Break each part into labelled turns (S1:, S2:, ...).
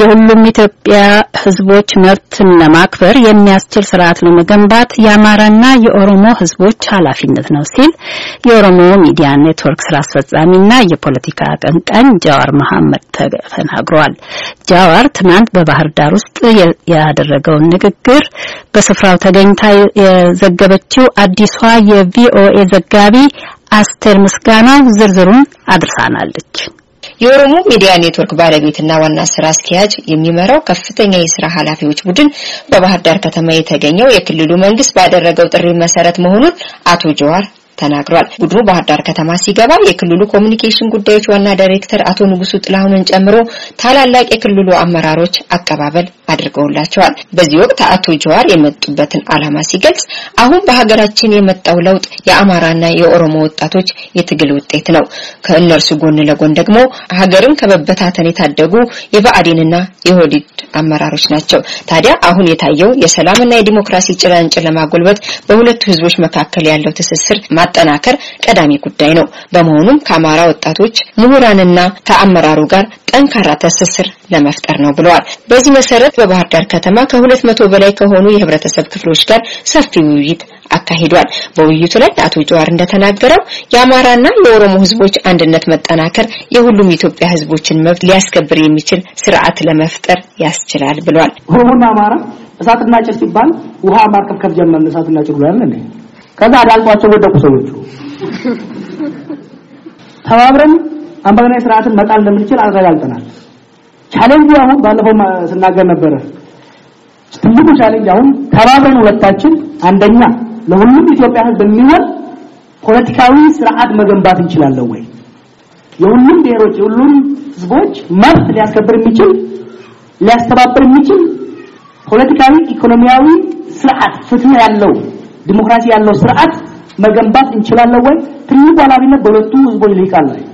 S1: የሁሉም ኢትዮጵያ ሕዝቦች መብትን ለማክበር የሚያስችል ስርዓት ለመገንባት የአማራና የኦሮሞ ሕዝቦች ኃላፊነት ነው ሲል የኦሮሞ ሚዲያ ኔትወርክ ስራ አስፈጻሚና የፖለቲካ አቀንቃኝ ጃዋር መሐመድ ተናግረዋል። ጃዋር ትናንት በባህር ዳር ውስጥ ያደረገውን ንግግር በስፍራው ተገኝታ የዘገበችው አዲሷ የቪኦኤ ዘጋቢ አስቴር ምስጋናው ዝርዝሩን አድርሳናለች። የኦሮሞ ሚዲያ ኔትወርክ ባለቤትና ዋና ስራ አስኪያጅ የሚመራው ከፍተኛ የስራ ኃላፊዎች ቡድን በባህር ዳር ከተማ የተገኘው የክልሉ መንግስት ባደረገው ጥሪ መሰረት መሆኑን አቶ ጀዋር ተናግሯል። ቡድኑ ባህር ዳር ከተማ ሲገባ የክልሉ ኮሚኒኬሽን ጉዳዮች ዋና ዳይሬክተር አቶ ንጉሱ ጥላሁንን ጨምሮ ታላላቅ የክልሉ አመራሮች አቀባበል አድርገውላቸዋል። በዚህ ወቅት አቶ ጀዋር የመጡበትን ዓላማ ሲገልጽ አሁን በሀገራችን የመጣው ለውጥ የአማራና የኦሮሞ ወጣቶች የትግል ውጤት ነው። ከእነርሱ ጎን ለጎን ደግሞ ሀገርን ከመበታተን የታደጉ የብአዴንና የኦህዴድ አመራሮች ናቸው። ታዲያ አሁን የታየው የሰላምና የዲሞክራሲ ጭላንጭል ለማጎልበት በሁለቱ ህዝቦች መካከል ያለው ትስስር ማ ማጠናከር ቀዳሚ ጉዳይ ነው። በመሆኑም ከአማራ ወጣቶች ምሁራንና ከአመራሩ ጋር ጠንካራ ትስስር ለመፍጠር ነው ብለዋል። በዚህ መሰረት በባህር ዳር ከተማ ከሁለት መቶ በላይ ከሆኑ የህብረተሰብ ክፍሎች ጋር ሰፊ ውይይት አካሂዷል። በውይይቱ ላይ አቶ ጀዋር እንደተናገረው የአማራና የኦሮሞ ህዝቦች አንድነት መጠናከር የሁሉም ኢትዮጵያ ህዝቦችን መብት ሊያስከብር የሚችል ስርዓት
S2: ለመፍጠር ያስችላል ብሏል። ሁሉም አማራ እሳትና ጭድ ሲባል ውሃ ማርከብከብ ጀመርን። እሳትና ጭድ ብሏል ከዛ አዳልጧቸው ወደቁ ሰዎቹ። ተባብረን አምባገነን ስርዓትን መጣል እንደምንችል አረጋግጠናል። ቻሌንጁ አሁን ባለፈው ስናገር ነበረ። ትልቁ ቻሌንጅ አሁን ተባብረን ሁለታችን፣ አንደኛ ለሁሉም ኢትዮጵያ ህዝብ የሚሆን ፖለቲካዊ ስርዓት መገንባት እንችላለን ወይ? የሁሉም ብሔሮች፣ የሁሉም ህዝቦች መብት ሊያስከብር የሚችል ሊያስተባብር የሚችል ፖለቲካዊ፣ ኢኮኖሚያዊ ስርዓት ፍትህ ያለው ዲሞክራሲ ያለው ስርዓት መገንባት እንችላለን ወይ? ትልቁ ኃላፊነት በሁለቱ ህዝቦች ካለ ነው።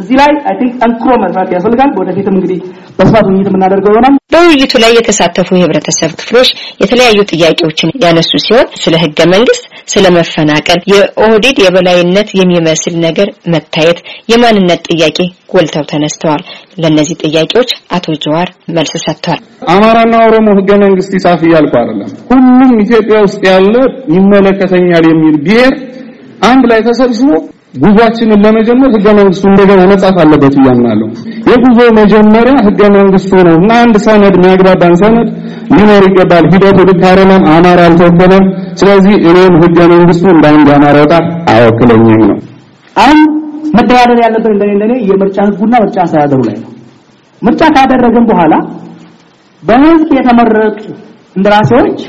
S2: እዚህ ላይ አይ ቲንክ ጠንክሮ መስራት ያስፈልጋል። ወደፊትም እንግዲህ በስፋት ውይይት
S1: የምናደርገው ይሆናል። በውይይቱ ላይ የተሳተፉ የህብረተሰብ ክፍሎች የተለያዩ ጥያቄዎችን ያነሱ ሲሆን ስለ ህገ መንግስት፣ ስለ መፈናቀል፣ የኦህዴድ የበላይነት የሚመስል ነገር መታየት፣ የማንነት ጥያቄ ጎልተው ተነስተዋል። ለእነዚህ ጥያቄዎች አቶ ጀዋር መልስ ሰጥተዋል።
S2: አማራና ኦሮሞ ህገ መንግስት ይጻፍ እያልኩ አይደለም። ሁሉም ኢትዮጵያ ውስጥ ያለ ይመለከተኛል የሚል ብሔር አንድ ላይ ተሰብስቦ ጉዟችንን ለመጀመር ህገ መንግስቱ እንደገና መጻፍ አለበት እያምናለሁ። የጉዞ መጀመሪያ ህገ መንግስቱ ነው እና አንድ ሰነድ የሚያግባባን ሰነድ ሊኖር ይገባል። ሂደቱ ልክ አይደለም። አማራ አልተወከለም። ስለዚህ እኔም ህገ መንግስቱ እንደ አንድ አማራ ወጣት አይወክለኝም ነው። አሁን መደራደር ያለብን እንደኔ እንደኔ የምርጫ ህጉና ምርጫ አስተዳደሩ ላይ ነው። ምርጫ ካደረገን በኋላ በህዝብ የተመረጡ እንደራሴዎች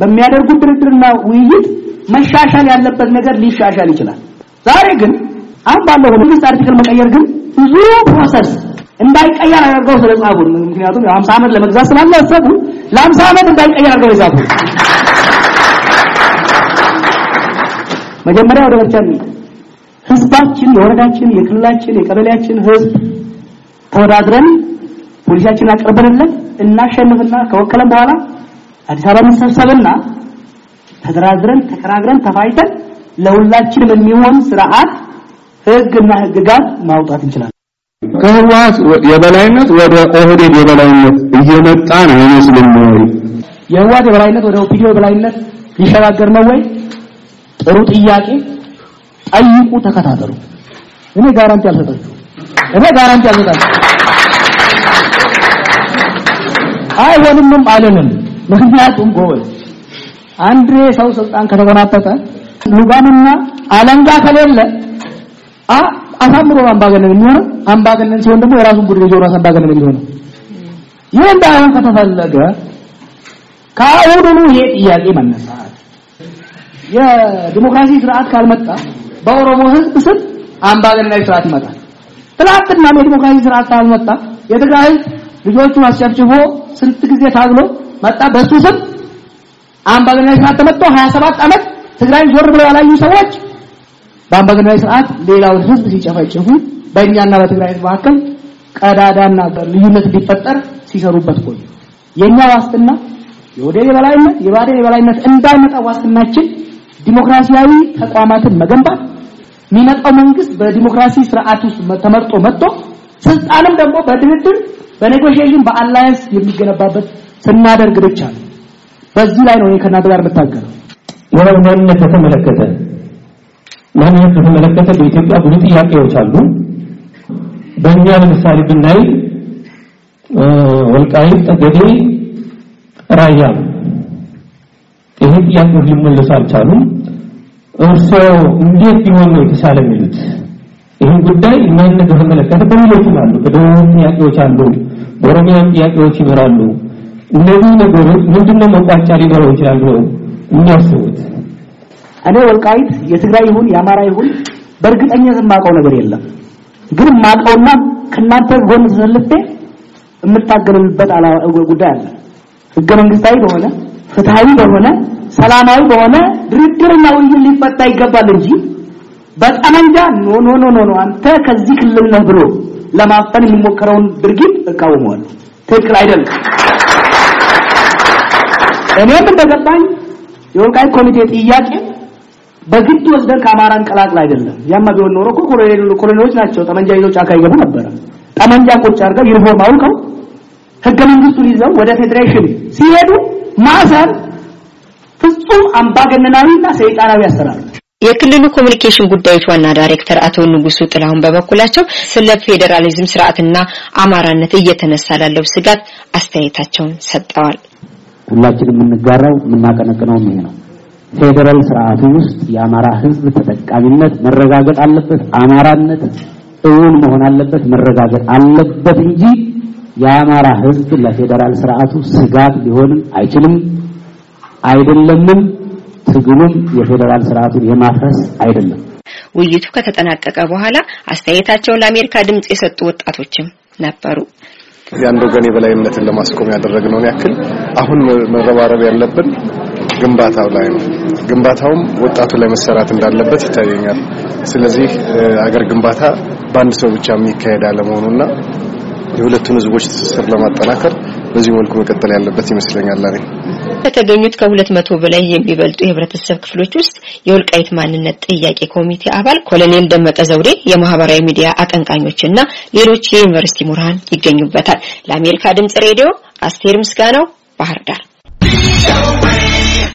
S2: በሚያደርጉት ድርድርና ውይይት መሻሻል ያለበት ነገር ሊሻሻል ይችላል። ዛሬ ግን አሁን ባለው መንግስት አርቲክል መቀየር ግን ብዙ ፕሮሰስ እንዳይቀየር አድርገው ስለጻፉ፣ ምክንያቱም 50 ዓመት ለመግዛት ስላላሰቡ ለ50 ዓመት እንዳይቀየር አድርገው የጻፉ። መጀመሪያ ወደ ምርጫ ህዝባችን፣ የወረዳችን፣ የክልላችን፣ የቀበሌያችን ህዝብ ተወዳድረን ፖሊሲያችን አቅርበንለት እናሸንፍና ከወከለን በኋላ አዲስ አበባ መሰብሰብና ተደራድረን ተከራግረን ተፋይተን ለሁላችንም የሚሆን ስርዓት ህግና ህግጋት ማውጣት እንችላለን። ከህወሓት የበላይነት ወደ ኦህዴድ የበላይነት እየመጣ ነው አይመስልም ወይ? የህወሓት የበላይነት ወደ ኦፒዲዮ የበላይነት ሊሸጋገር ነው ወይ? ጥሩ ጥያቄ። ጠይቁ፣ ተከታተሉ። እኔ ጋራንቲ አልሰጣችሁም። እኔ ጋራንቲ አልሰጣችሁም። አይሆንምም አለንም። ምክንያቱም ጎበዝ አንድ ሰው ስልጣን ከተቆናጠጠ ልጓምና አለንጋ ከሌለ አ አሳምሮ ነው አምባገነን የሚሆነው። አምባገነን ሲሆን ደግሞ የራሱን ጉድ ይዞ ራስ አምባገነን የሚሆነው። ይህ እንዳይሆን ከተፈለገ ከአሁኑ ይሄ ጥያቄ መነሳት የዲሞክራሲ ስርዓት ካልመጣ በኦሮሞ ህዝብ ስም አምባገነናዊ ስርዓት ይመጣል። ትናንትና የዲሞክራሲ ስርዓት ካልመጣ የትግራይ ህዝብ ልጆቹን አስጨብጭቦ ስንት ጊዜ ታግሎ መጣ። በሱ ስም አምባገነናዊ ስርዓት ተመጣ 27 አመት ትግራይ ዞር ብለው ያላዩ ሰዎች በአምባገነናዊ ስርዓት ሌላውን ህዝብ ሲጨፈጭፉ በእኛና በትግራይ ህዝብ መካከል ቀዳዳና ልዩነት እንዲፈጠር ሲሰሩበት ቆዩ። የኛ ዋስትና የወደ የበላይነት የባዴን የበላይነት እንዳይመጣ ዋስትናችን ዲሞክራሲያዊ ተቋማትን መገንባት የሚመጣው መንግስት በዲሞክራሲ ስርዓት ውስጥ ተመርጦ መጥቶ ስልጣንም ደግሞ በድርድር በኔጎሽዬሽን በአላያንስ የሚገነባበት ስናደርግ ብቻ ነው። በዚህ ላይ ነው እኔ ከእናንተ ጋር የምታገለው። ሌላው ማንነት በተመለከተ ማንነት በተመለከተ በኢትዮጵያ ብዙ ጥያቄዎች አሉ። በእኛ ለምሳሌ ብናይ ወልቃይት፣ ጠገዴ፣ ራያ ይሄ ጥያቄዎች ሊመለሱ አልቻሉም። እርስዎ እንዴት ቢሆን ነው የተሻለ የሚሉት? ይህን ጉዳይ ማንነት በተመለከተ በሌሎችም አሉ። በደቡብ ጥያቄዎች አሉ፣ በኦሮሚያም ጥያቄዎች ይኖራሉ። እነዚህ ነገሮች ምንድነው መቋጫ ሊኖረው ይችላል ነው እንዳስቡት እኔ ወልቃይት የትግራይ ይሁን የአማራ ይሁን በእርግጠኝነት የማውቀው ነገር የለም። ግን የማውቀውና ከእናንተ ጎን ተሰልፌ የምታገልበት ጉዳይ አለ። ህገ መንግስታዊ በሆነ ፍትሃዊ በሆነ ሰላማዊ በሆነ ድርድርና ውይይት ሊፈታ ይገባል እንጂ በጠመንጃ ኖ ኖ ኖ ኖ ኖ አንተ ከዚህ ክልል ነህ ብሎ ለማፈን የሚሞከረውን ድርጊት እቃወመዋለሁ። ትክክል አይደለም። እኔም እንደገባኝ የወልቃይት ኮሚቴ ጥያቄ በግድ ወስደን ከአማራ እንቀላቅል አይደለም። ያማ ቢሆን ኖሮ እኮ ኮሎኔሎች ናቸው ጠመንጃ ይዘው ጫካ ይገቡ ነበረ። ጠመንጃ ቁጭ አድርገው ዩኒፎርም አውልቀው ህገ መንግስቱን ይዘው ወደ ፌዴሬሽን ሲሄዱ ማሰር ፍጹም አምባገነናዊና ሰይጣናዊ አሰራር የክልሉ ኮሚኒኬሽን ጉዳዮች ዋና
S1: ዳይሬክተር አቶ ንጉሱ ጥላሁን በበኩላቸው ስለ ፌዴራሊዝም ስርዓትና አማራነት እየተነሳ ላለው ስጋት
S2: አስተያየታቸውን ሰጠዋል። ሁላችን የምንጋራው የምናቀነቅነው ይሄ ነው። ፌዴራል ስርዓቱ ውስጥ የአማራ ህዝብ ተጠቃሚነት መረጋገጥ አለበት። አማራነት እውን መሆን አለበት፣ መረጋገጥ አለበት እንጂ የአማራ ህዝብ ለፌዴራል ስርዓቱ ስጋት ሊሆንም አይችልም አይደለምም። ትግሉም የፌዴራል ስርዓቱን የማፍረስ አይደለም።
S1: ውይይቱ ከተጠናቀቀ በኋላ አስተያየታቸውን ለአሜሪካ ድምጽ የሰጡ ወጣቶችም ነበሩ።
S2: የአንድ ወገን የበላይነትን
S1: ለማስቆም ያደረግነውን ያክል አሁን መረባረብ ያለብን ግንባታው ላይ ነው። ግንባታውም ወጣቱ ላይ መሰራት እንዳለበት ይታየኛል። ስለዚህ አገር ግንባታ በአንድ ሰው ብቻ የሚካሄድ አለመሆኑና የሁለቱን ህዝቦች ትስስር ለማጠናከር በዚህ መልኩ መቀጠል ያለበት ይመስለኛል። እኔ ከተገኙት ከሁለት መቶ በላይ የሚበልጡ የህብረተሰብ ክፍሎች ውስጥ የወልቃይት ማንነት ጥያቄ ኮሚቴ አባል ኮሎኔል ደመቀ ዘውዴ፣ የማህበራዊ ሚዲያ እና ሌሎች የዩኒቨርሲቲ ምሁራን ይገኙበታል። ለአሜሪካ ድምጽ ሬዲዮ አስቴር ምስጋናው ባህር ዳር